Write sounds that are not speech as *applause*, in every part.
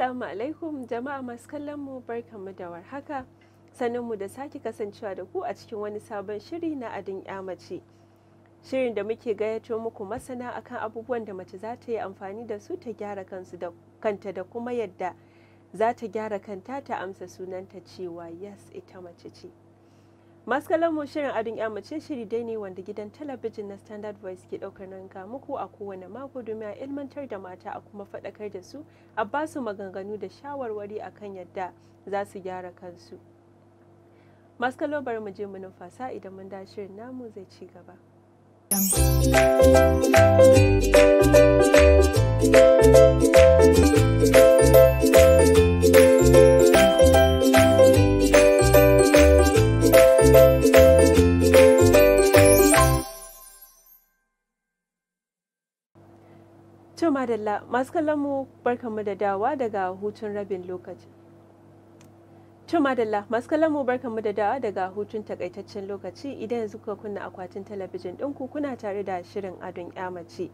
Assalamu alaikum jama'a masu kallon mu barkanmu da warhaka sanin mu da sake kasancewa da ku a cikin wani sabon shiri na adin mace Shirin da muke gayyato muku masana akan abubuwan da mace za ta yi amfani da su ta gyara kansu da kanta da kuma yadda za ta gyara kanta ta amsa sunanta cewa yes ita mace ce. masu mu shirin adin yammacin shiri dai ne wanda gidan talabijin na standard voice ke daukar nan ga muku a kowane mako domin a ilmantar da mata a kuma faɗakar da su a ba su maganganu da shawarwari akan yadda za su gyara kansu masu kallon bari mu je mu numfasa idan mun da shirin namu zai ci gaba. Adalla masu kallon mu da dawa daga hutun rabin lokaci Adalla masu kallon mu da dawa daga hutun takaitaccen lokaci idan yanzu kuka kunna akwatin talabijin ɗinku kuna tare da shirin adon mace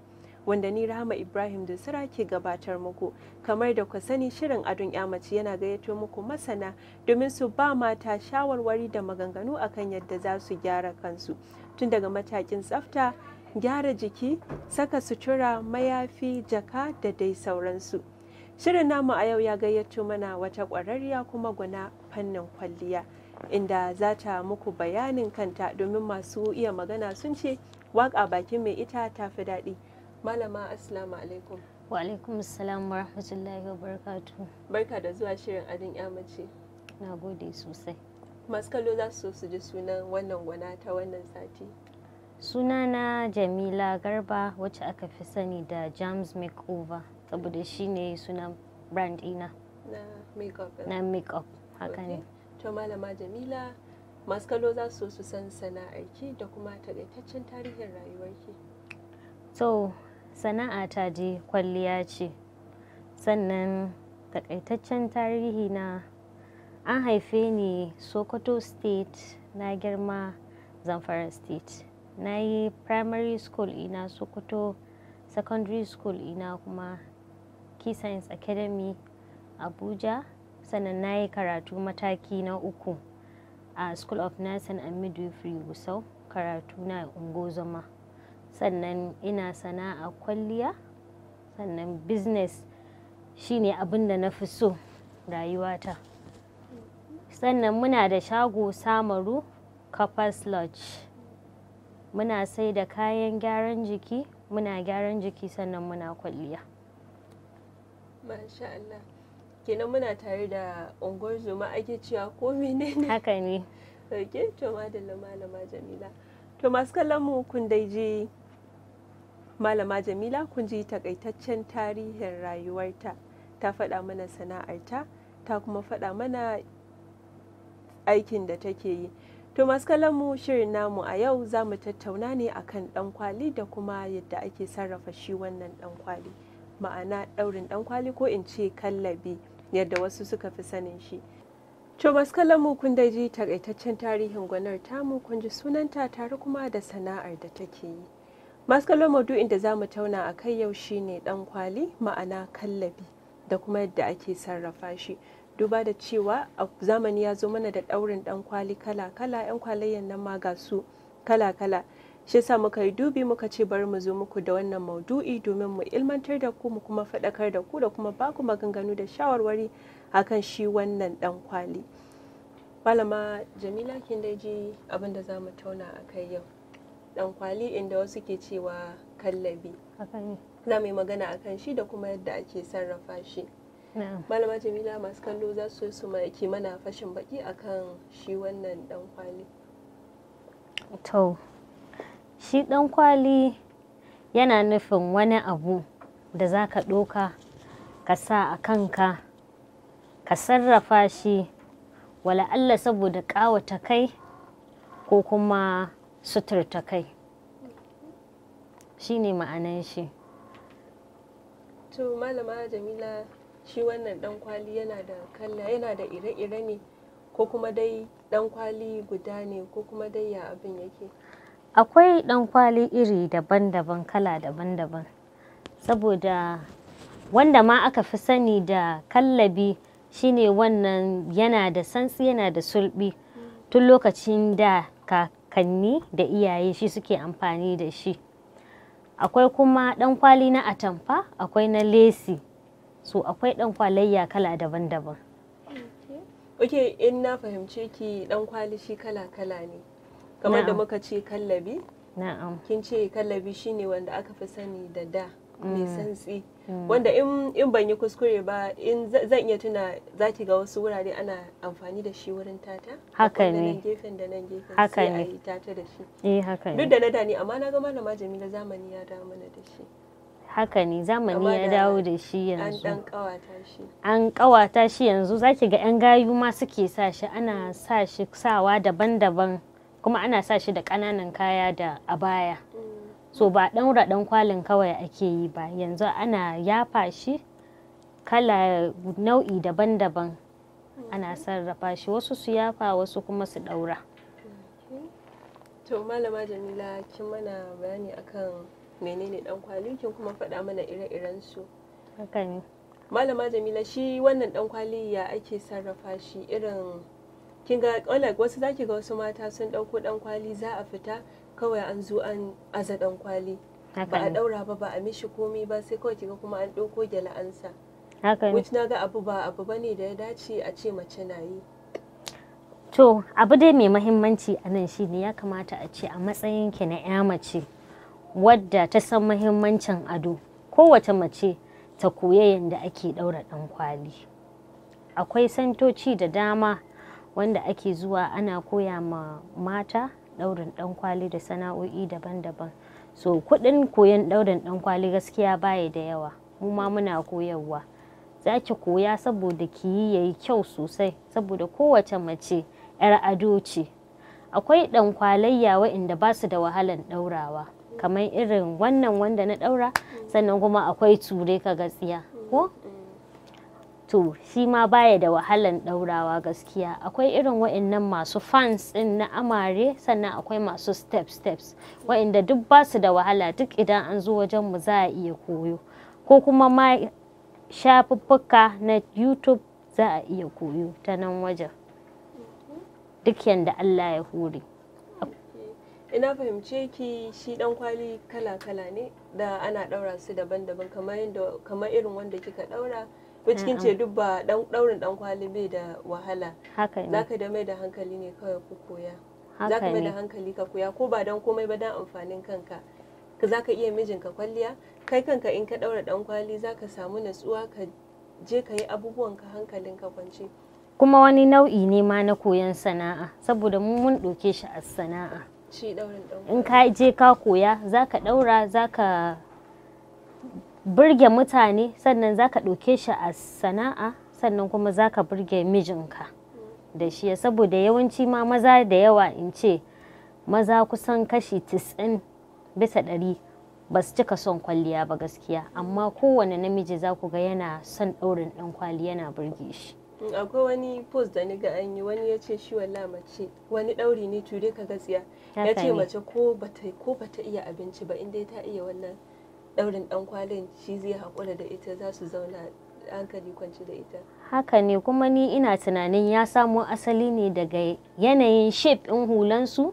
wanda ni rahama ibrahim dusura ke gabatar muku kamar da ku sani shirin adon mace yana gayyato muku masana domin su ba mata shawarwari da maganganu akan yadda za su gyara kansu tun daga matakin tsafta gyara jiki saka sutura mayafi jaka da dai sauransu shirin namu a yau ya gayyato mana wata ƙwararriya kuma gwana fannin kwalliya inda za ta muku bayanin kanta domin masu iya magana sun ce waƙa bakin mai ita ta fi daɗi malama assalamu alaikum wa alaikum assalam wa rahmatullahi wa barakatu barka da zuwa shirin adin yamace na gode sosai masu kallo za su so su ji sunan wannan gwana ta wannan sati sunana jamila garba wacce aka fi sani da jams makeover saboda shi ne sunan brand ina na makeup haka ne to malama jamila masu kallo za su su san sana'arki da kuma taƙaitaccen tarihin rayuwarki so sana'a ta je kwalliya ce sannan taƙaitaccen tarihi na an haife ni sokoto state na girma zamfara state na yi primary school ina sokoto secondary school ina kuma key science academy abuja sannan na yi karatu mataki na uku a school of nursing and midwifery gusau karatu na ungozoma sannan ina sana'a kwalliya sannan business shine abinda na fi so rayuwata sannan muna da shago samaru kapas lodge muna sai da kayan gyaran jiki muna gyaran jiki sannan muna kwalliya Masha Allah kenan muna tare da unguwar zuma ake cewa ko menene haka ne oke to malama jamila to masu kallon mu kun dai ji malama jamila kun ji takaitaccen tarihin rayuwarta ta faɗa mana sana'arta ta kuma faɗa mana aikin da take yi To masu mu shirin namu a yau za mu tattauna ne akan ɗankwali da kuma yadda ake sarrafa shi wannan ɗankwali. Ma'ana ɗaurin ɗankwali ko in ce kallabi yadda wasu suka fi sanin shi. To masu mu kun da ji takaitaccen tarihin gwanar tamu kun ji sunanta tare kuma da sana'ar da take yi. Masu Maskalar duk inda za mu tauna a kai yau shine ɗankwali ma'ana kallabi da kuma yadda ake sarrafa shi. duba da cewa a zamani ya zo mana da ɗaurin ɗan kwali kala-kala 'yan kwalayyan nan ma ga su kala-kala shi sa muka yi dubi muka ce bari mu zo muku da wannan maudu'i domin mu ilmantar da ku mu kuma faɗakar da ku da kuma ba ku maganganu da shawarwari akan shi wannan ɗan kwali malama jamila kin dai ji abin da za mu tauna a kai yau ɗan kwali inda wasu ke cewa kallabi za mu yi magana akan shi da kuma yadda ake sarrafa shi malama jamila masu kallo za su su maki mana fashin baki akan shi wannan dan kwali to shi dan kwali yana nufin wani abu da za ka ɗoka ka sa a kanka ka sarrafa shi wala Allah saboda ƙawata kai ko kuma suturta kai shi ne ma'anan shi to malama jamila shi wannan dan kwali yana da kalla yana da ire-ire ne ko kuma dai dan kwali guda ne ko kuma dai ya abin yake akwai dan kwali iri daban-daban kala daban-daban saboda wanda ma aka fi sani da kallabi shine wannan yana da santsi yana da sulbi tun lokacin da kakanni da iyaye shi suke amfani da shi akwai kuma dan kwali na atamfa akwai na lesi so akwai dan kwalayya kala daban-daban ok in na fahimce ki dan kwali shi kala-kala ne kamar da muka ce kallabi na'am kin ce kallabi shine wanda aka fi sani da da mai mm. santsi mm. wanda in ban yi kuskure ba in zan iya tuna za ki ga wasu wurare ana amfani da shi wurin tata haka ne nan gefen da nan gefen haka ne tata da shi eh haka ne duk da na ni amma na ga malama Jamila zamani ya dawo mana da shi haka ne zamani ya dawo da shi yanzu an kawata shi yanzu zaki ga 'yan gayu ma suke sa shi ana sa shi sawa daban-daban kuma ana sa shi da ƙananan kaya da a baya so ba ɗan ɗan kwalin kawai ake yi ba yanzu ana yafa shi kala nau'i daban-daban ana sarrafa shi wasu su yafa wasu kuma su ɗaura to malama jamila kin mana bayani akan menene dan kwali kin kuma faɗa mana ire-iren su malama jamila shi wannan dan ya ake sarrafa shi irin kin ga wasu zaki ga wasu mata sun ɗauko ɗankwali za a fita kawai an zo an aza dan kwali ba a daura ba ba a mishi komai ba sai kawai kiga kuma an dauko gyala an sa haka na ga abu ba abu bane da ya dace a ce mace na yi to abu dai mai mahimmanci a nan shi ne ya kamata a ce a matsayin ki na ya mace wadda ta san mahimmancin ado kowace mace ta koya yadda ake ɗaura ɗan kwali akwai santoci da dama wanda ake zuwa ana koya ma mata ɗaurin ɗan kwali da sana'o'i daban-daban so kuɗin koyon ɗaurin ɗan kwali gaskiya baya da yawa mu ma muna koyarwa za ki koya saboda ki yi yayi kyau sosai saboda kowace mace 'yar ado ce akwai ɗan kwalayya waɗanda ba su da wahalan ɗaurawa kamar irin wannan wanda na daura sannan kuma akwai ture ka gatsiya ko to shi ma baya da wahalan daurawa gaskiya akwai irin wa'annan masu fans din na amare sannan akwai masu step steps wa'anda duk ba su da wahala duk idan an zo wajen mu za a iya koyo ko kuma ma shafuffuka na youtube za a iya koyo ta nan wajen duk yanda Allah ya hore. ina fahimce ki shi dan kwali kala-kala ne da ana daura su daban-daban kamar irin wanda kika daura cikin ce duk ba daurin dan kwali bai da wahala zaka da mai da hankali ne kawai ku koya zaka mai da hankali ka koya ko ba dan komai ba dan amfanin kanka ka zaka iya mijinka kwalliya kai kanka in ka daura dan kwali zaka samu natsuwa ka je ka yi abubuwan ka hankalin ka kwance kuma wani nau'i ne ma na koyon sana'a saboda mun ɗauke shi a sana'a in ka je ka koya za ka ɗaura za ka burge mutane sannan za ka ɗauke shi a sana'a sannan kuma za ka burge mijinka da shi saboda yawanci ma maza da yawa in ce maza kusan kashi 90 bisa ɗari ba su cika son kwalliya ba gaskiya amma kowane namiji za ku ga yana son ɗaurin ɗan kwali yana burge shi akwai wani post da ni ga an yi wani ya ce shi walla mace wani dauri ne ture ka gatsiya ya ce mace ko bata ko bata iya abinci ba inda ta iya wannan daurin dan kwalin shi zai hakura da ita za su zauna hankali kwanci da ita haka ne kuma ni ina tunanin ya samo asali ne daga yanayin shape in hulansu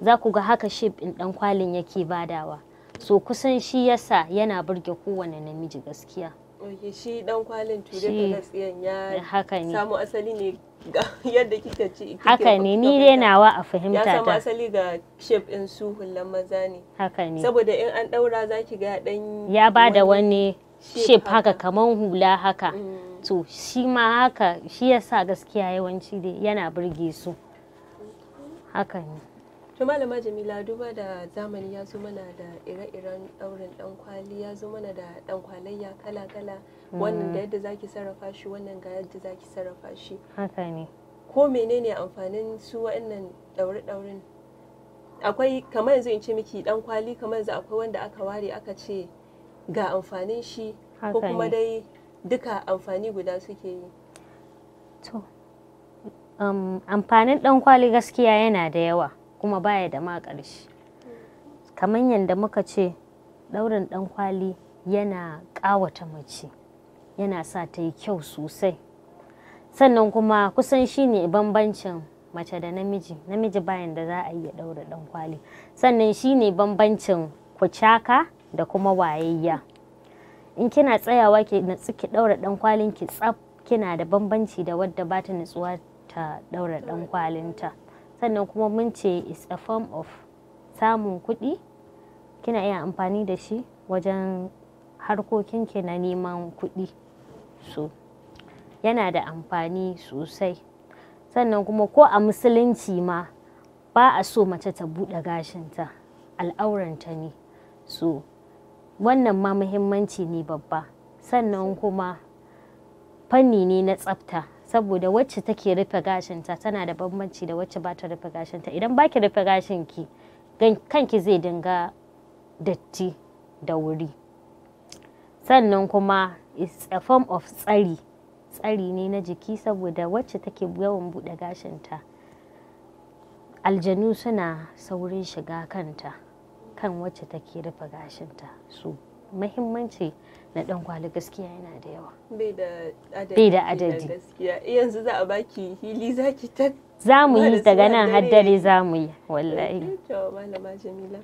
za ku ga haka shape in dan kwalin yake badawa so kusan shi yasa yana burge kowane namiji gaskiya shi dan kwalin ture ya samu asali ne *laughs* yadda kika ce haka ne ni dai nawa a fahimta ta ya samu asali ga shape din su hullan maza ne haka ne saboda in an daura zaki ga dan ya bada wani shape haka kaman hula haka mm. to shi ma haka shi yasa gaskiya yawanci dai yana burge su haka ne to malama jamila duba da zamani ya zo mana da ire-iren daurin dan kwali ya zo mana da dan kwalayya kala-kala wannan da mm. yadda zaki sarrafa shi wannan ga yadda zaki sarrafa shi haka ne ko menene amfanin su wa'annan daure-daurin akwai kamar yanzu in ce miki dan kwali kamar yanzu akwai wanda aka ware aka ce ga amfanin shi ko kuma dai duka amfani guda suke yi to um, amfanin dan kwali gaskiya yana da yawa kuma baya da ma ƙarshe kamar yadda muka ce ɗaurin ɗankwali yana ƙawata mace yana sa ta yi kyau sosai sannan kuma kusan shine bambancin mace da namiji namiji bayan da za a iya ɗaura ɗankwali. kwali sannan shine bambancin kucaka da kuma wayayya in kina tsayawa ki natsu ki ɗaura kwalin ki tsaf kina da bambanci da wadda ba ta nutsuwa ta ɗaura ɗankwalinta. kwalinta sannan kuma mun ce is a form of samun kuɗi kina iya amfani da shi wajen harkokin ke na neman kuɗi so yana da amfani sosai sannan kuma ko a musulunci ma ba a so mace ta buɗe gashinta al'auranta ne so wannan ma muhimmanci ne babba sannan kuma fanni ne na tsafta saboda wacce take rufe gashinta tana da bambanci da wacce ba ta rufe gashinta idan baki rufe gashinki kanki zai dinga datti da wuri sannan kuma it's a form of tsari tsari ne na jiki saboda wacce take yawan buɗe gashinta aljanu suna saurin shiga kanta kan wacce take rufe gashinta su mahimmanci na dan kwali gaskiya yana da yawa bai da adadi eh, yanzu za a baki hili zaki ta za mu yi daga nan har dare za mu yi wallahi eh,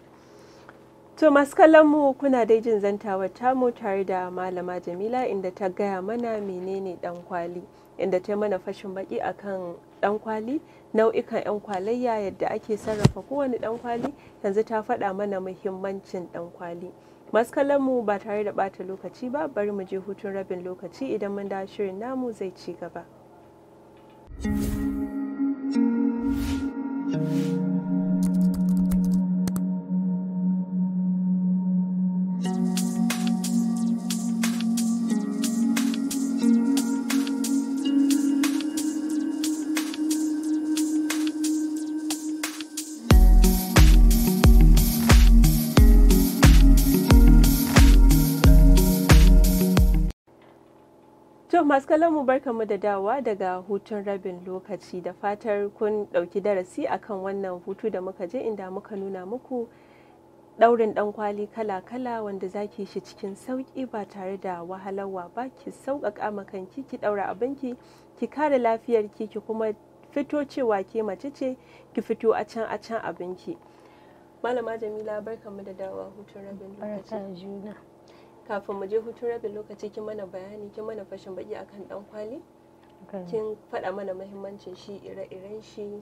To masu kallon mu kuna dai jin zantawar mu tare da malama Jamila inda ta gaya mana menene dan kwali inda ta mana fashin baki akan dan kwali nau'ikan yan kwalayya yadda ake sarrafa kowane dan kwali yanzu ta faɗa mana muhimmancin dan kwali. masu mu ba tare da bata lokaci ba bari mu je hutun rabin lokaci idan mun da shirin namu zai ci gaba. thank you masu mu mu da dawa daga hutun rabin lokaci da fatar kun ɗauki darasi akan wannan hutu da muka je inda muka nuna muku ɗaurin ɗan kwali kala-kala wanda zaki shi cikin sauƙi ba tare da wahalarwa ba ki sauƙaƙa makanki kanki ki ɗaura abinki ki kare lafiyarki ki kuma fito cewa ke mace ce ki fito a can a can abinki malama jamila barkamu da dawa hutun rabin lokaci kafin mu je hutun rabin lokaci kin mana bayani kin mana fashin baki akan dan kwali kin faɗa mana muhimmancin shi ire-iren shi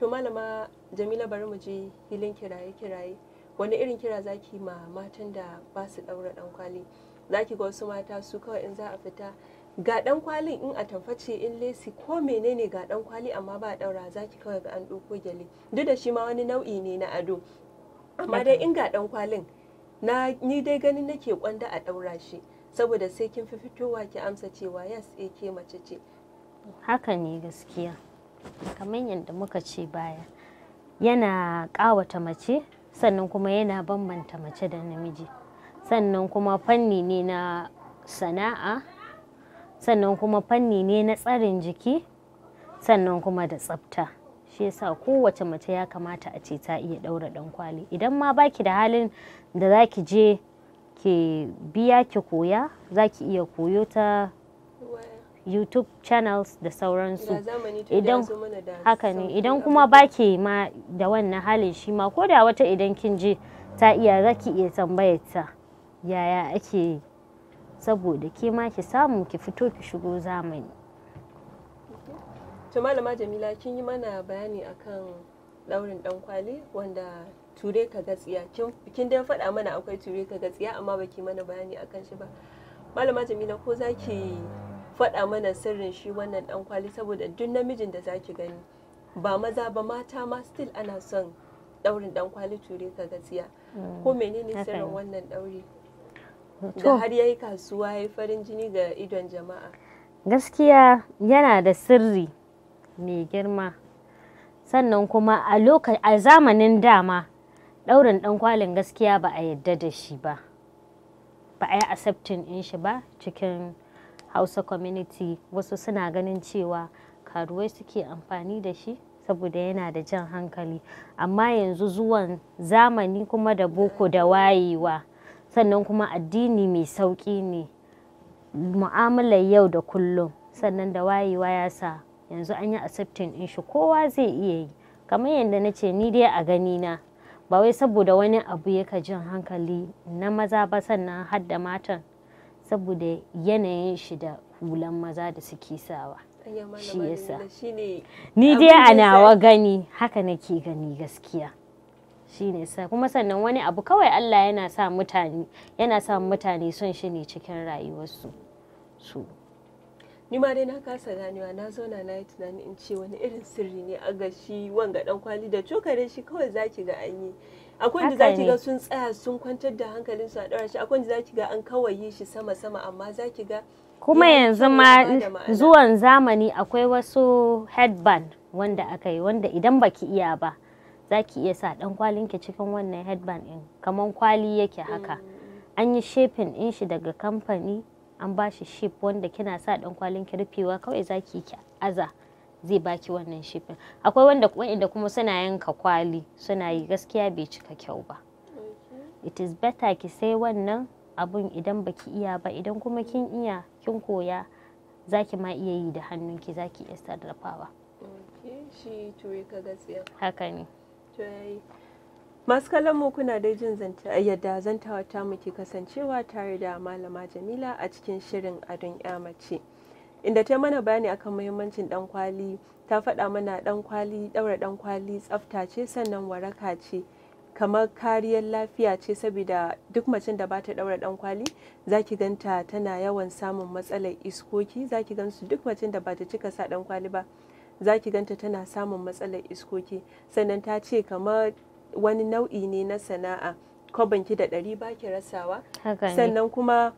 to malama jamila bari mu je filin kiraye-kiraye wani irin kira zaki ma matan da ba su daura dan kwali zaki ga wasu mata su kawai in za a fita ga dan kwalin in a in lesi ko menene ga dan kwali amma ba daura zaki kawai ga an doko gyale duk da shi ma wani nau'i ne na ado amma dai in ga dan kwalin na ni dai gani nake kwanda a ɗaura shi saboda sai kin fi fitowa ki amsa cewa yes eh ke mace ce haka ne gaskiya kamar yadda muka ce baya yana ƙawata mace sannan kuma yana bambanta mace da namiji sannan kuma fanni ne na sana'a sannan kuma fanni ne na tsarin jiki sannan kuma da tsafta. shi yasa kowace mace ya kamata a ce ta iya ɗaura ɗan kwali idan ma baki da halin da za ki je ki biya ki koya za ki iya koyo ta youtube channels da sauransu idan haka ne idan kuma baki ma da wannan halin shi ma ko da wata idan kin je ta iya za ki iya tambayar ta yaya ake saboda ke ma ki samu ki fito ki shigo zamani to malama jamila kin yi mana bayani akan daurin dankwali wanda ture ka gatsiya kin dai faɗa mana akwai ture ka gatsiya amma baki mana bayani akan shi ba malama jamila ko za ki faɗa mana sirrin shi wannan dankwali saboda duk namijin da za ki gani ba maza ba mata ma still ana son daurin dankwali ture ka gatsiya hmm, ko menene sirrin wannan daure da har yayi kasuwa yayi farin jini ga idon jama'a gaskiya yana da sirri mai girma sannan kuma a a zamanin dama ɗaurin ɗankwalin gaskiya ba a yadda da shi ba ba a yi accepting in shi ba cikin hausa community wasu suna ganin cewa karuwai suke amfani da shi saboda yana da jan hankali amma yanzu zuwan zamani kuma da boko da wayewa sannan kuma addini mai sauƙi ne mu'amalar yau da kullum sannan da wayewa ya sa yanzu an yi accepting din shi kowa zai iya yi kamar yadda na ce ni dai a gani na ba wai saboda wani abu yaka jin hankali na maza ba sannan har da matan saboda yanayin shi da hulan maza da suke sawa shi yasa ni dai a nawa gani haka nake gani gaskiya shine sa kuma sannan wani abu kawai Allah yana sa mutane yana son shi ne cikin rayuwarsu ni ma dai na kasa ganewa na zauna na yi tunanin in ce wani irin sirri ne a ga wanga dan kwali da cokare shi kawai zaki ga an yi akwai wanda zaki ga sun tsaya sun kwantar da hankalin su a ɗora shi akwai wanda zaki ga an kawai shi sama sama amma zaki ga kuma yanzu ma zuwan zamani akwai wasu headband wanda aka yi wanda idan baki iya ba zaki iya sa dan kwalin ki cikin wannan headband din kaman kwali yake haka mm. an yi shaping din shi daga kamfani an ba shi ship wanda kina sa dan kwalin ki rufewa kawai zaki ki aza zai baki wannan shifin akwai wanda wanda kuma suna yanka kwali suna yi gaskiya bai cika kyau ba it is better ki sai wannan abun idan baki iya ba idan kuma kin iya kin koya zaki ma iya yi da hannunki zaki iya sarrafawa okay shi to masu kallon mu kuna dai jin yadda zantawa ta muke kasancewa tare da malama jamila a cikin shirin adon ya inda ta mana bayani akan muhimmancin dan kwali ta faɗa mana dan kwali ɗaura dan kwali tsafta ce sannan waraka ce kamar kariyar lafiya ce saboda duk macin da ba ta daura dan kwali ki ganta tana yawan samun matsalar iskoki za ki gansu duk macin da ba ta cika sa dan kwali ba ki ganta tana samun matsalar iskoki sannan ta ce kamar wani nau'i ne na sana'a kwabanki da ɗari ba ki rasawa sannan kuma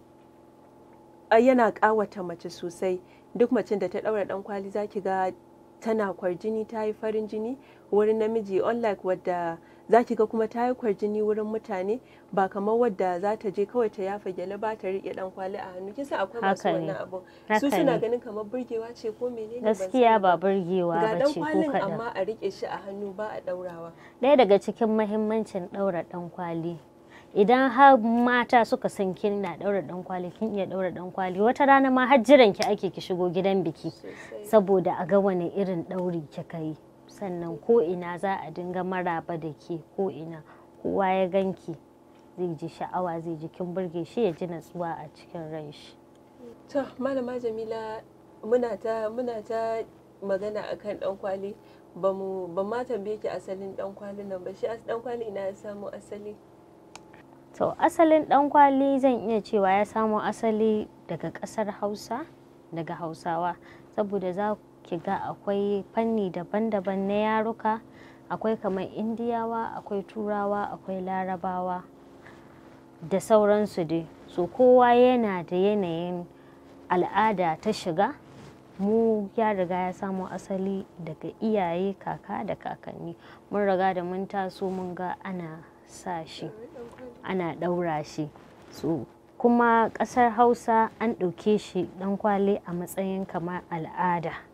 yana ƙawata mace sosai duk macen da ta ɗaura ɗan kwali za ki ga tana kwarjini ta yi farin jini wurin namiji unlike wadda za ki ga kuma ta yi kwarjini wurin mutane ba kamar wadda za ta je kawai ta yafa gyale ba ta riƙe ɗan kwali a hannu kisa akwai masu wannan abu su suna ganin kamar burgewa ce ko menene gaskiya ba burgewa ba ce ko kaɗan ga amma a riƙe shi a hannu ba a ɗaurawa ɗaya daga cikin mahimmancin ɗaura ɗan kwali idan har mata suka san kin na ɗaura ɗan kwali kin iya ɗaura ɗan kwali wata rana ma har jiran ki ake ki shigo gidan biki saboda a ga wani irin ɗauri kika yi sannan ko ina za a dinga maraba da ke ko ina kowa ya ganki zai ji sha'awa zai ji kin burge shi ya ji natsuwa a cikin ran shi to malama jamila muna ta muna ta magana akan dan kwali ba mu ba ma tambaye ki asalin dan kwali nan ba shi dan kwali ina ya samu asali to asalin dan kwali zan iya cewa ya samo asali daga kasar Hausa daga Hausawa saboda za Kiga akwai fanni daban-daban na yaruka akwai kamar indiyawa akwai turawa akwai larabawa da sauransu dai so kowa yana da yanayin al'ada ta shiga mu ya riga ya samo asali daga iyaye kaka da kakanni mun riga da mun taso mun ga ana sa shi ana ɗaura shi so kuma ƙasar hausa an ɗauke shi ɗan ɗankwali a matsayin kamar al'ada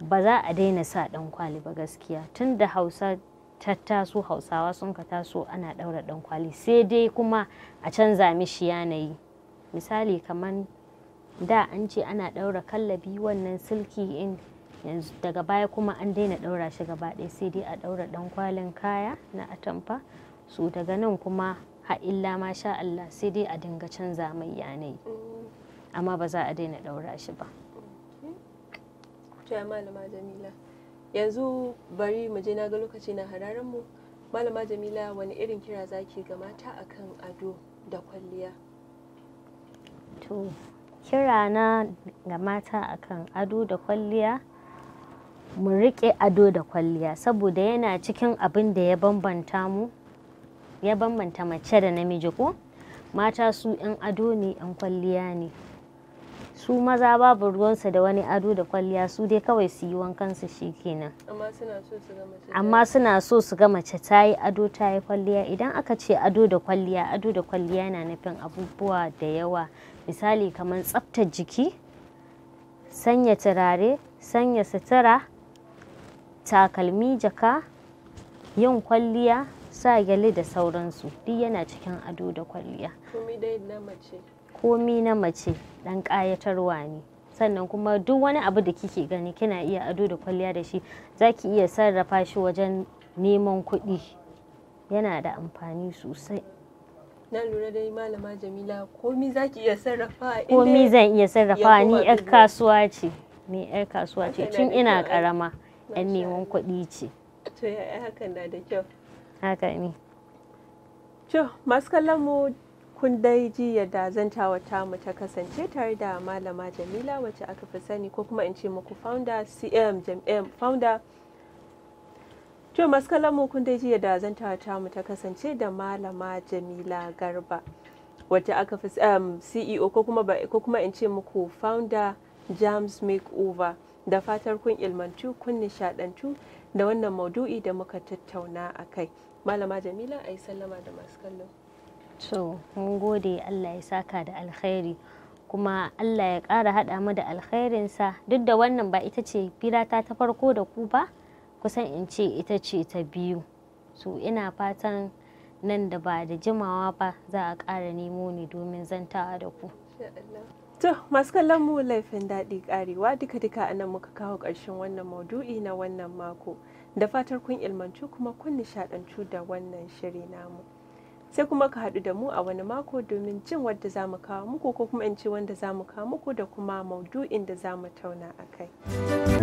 ba za a daina sa ɗan kwali ba gaskiya tun da hausa ta taso hausawa sun ka taso ana ɗaura ɗankwali, sai dai kuma a canza mishi yanayi misali kamar da an ce ana ɗaura kallabi wannan silki in yanzu daga baya kuma an daina ɗaura shi gaba ɗaya sai dai a ɗaura ɗan kwalin kaya na atamfa su daga nan kuma ha'illa ma sha Allah sai dai a dinga canza mai yanayi mm. amma ba za a daina ɗaura shi ba malama jamila yanzu bari mu je na ga lokaci na hararen mu malama jamila wani irin kira zaki ga mata akan ado da kwalliya to kira na ga mata akan ado da kwalliya mu riƙe ado da kwalliya saboda yana cikin abin da ya bambanta mu ya bambanta mace da namiji ko mata su 'yan ado ne 'yan kwalliya ne su maza babu ruwansu da wani ado da kwalliya su dai kawai su yi wankansu shikenan amma suna so su ga mace ta yi ado ta yi kwalliya idan aka ce ado da kwalliya ado da kwalliya na nufin abubuwa da yawa misali kamar tsaftar jiki sanya turare sanya sutura takalmi jaka yin kwalliya sa gyale da sauransu duk yana cikin ado da kwalliya komi na mace ɗan ƙayatarwa ne sannan kuma duk wani abu da kike gani kina iya ado da kwalliya da shi za ki iya sarrafa shi wajen neman kuɗi yana da amfani sosai na lura dai malama jamila komi za ki iya sarrafa komi zan iya sarrafa ni yar kasuwa ce ni yar kasuwa ce tun ina karama yan neman kuɗi ce to ya hakan na da kyau haka ne to masu kallon mu kun dai ji yadda zantawa mu ta kasance tare da malama jamila wacce aka fi sani ko kuma in ce muku founder cm jam'iyyar eh, founder to mu kun dai ji yadda zantawa mu ta kasance da malama jamila garba wacce aka fi um, ceo ko kuma in ce muku founder jams makeover da fatar kun ilmantu kun nishadantu da wannan maudu'i da muka tattauna a kai malama jamila a yi sallama da masu kallo to mun gode allah ya saka da alkhairi kuma allah ya kara hada mu da alkhairinsa duk da wannan ba ita ce firata ta farko da ku ba kusan in ce ita ce ta biyu so ina fatan nan da ba da jimawa ba za a kara nemo ni domin zantawa da ku To masu kallon mu laifin daɗi ƙarewa duka-duka a nan muka kawo ƙarshen wannan maudu'i na wannan mako da fatar kun ilmantu kuma kun nishaɗantu da wannan shiri namu. sai kuma ka haɗu da mu a wani mako domin jin wadda za mu kawo muku ko kuma in ce wanda za mu kawo muku da kuma maudu'in da za mu tauna a kai.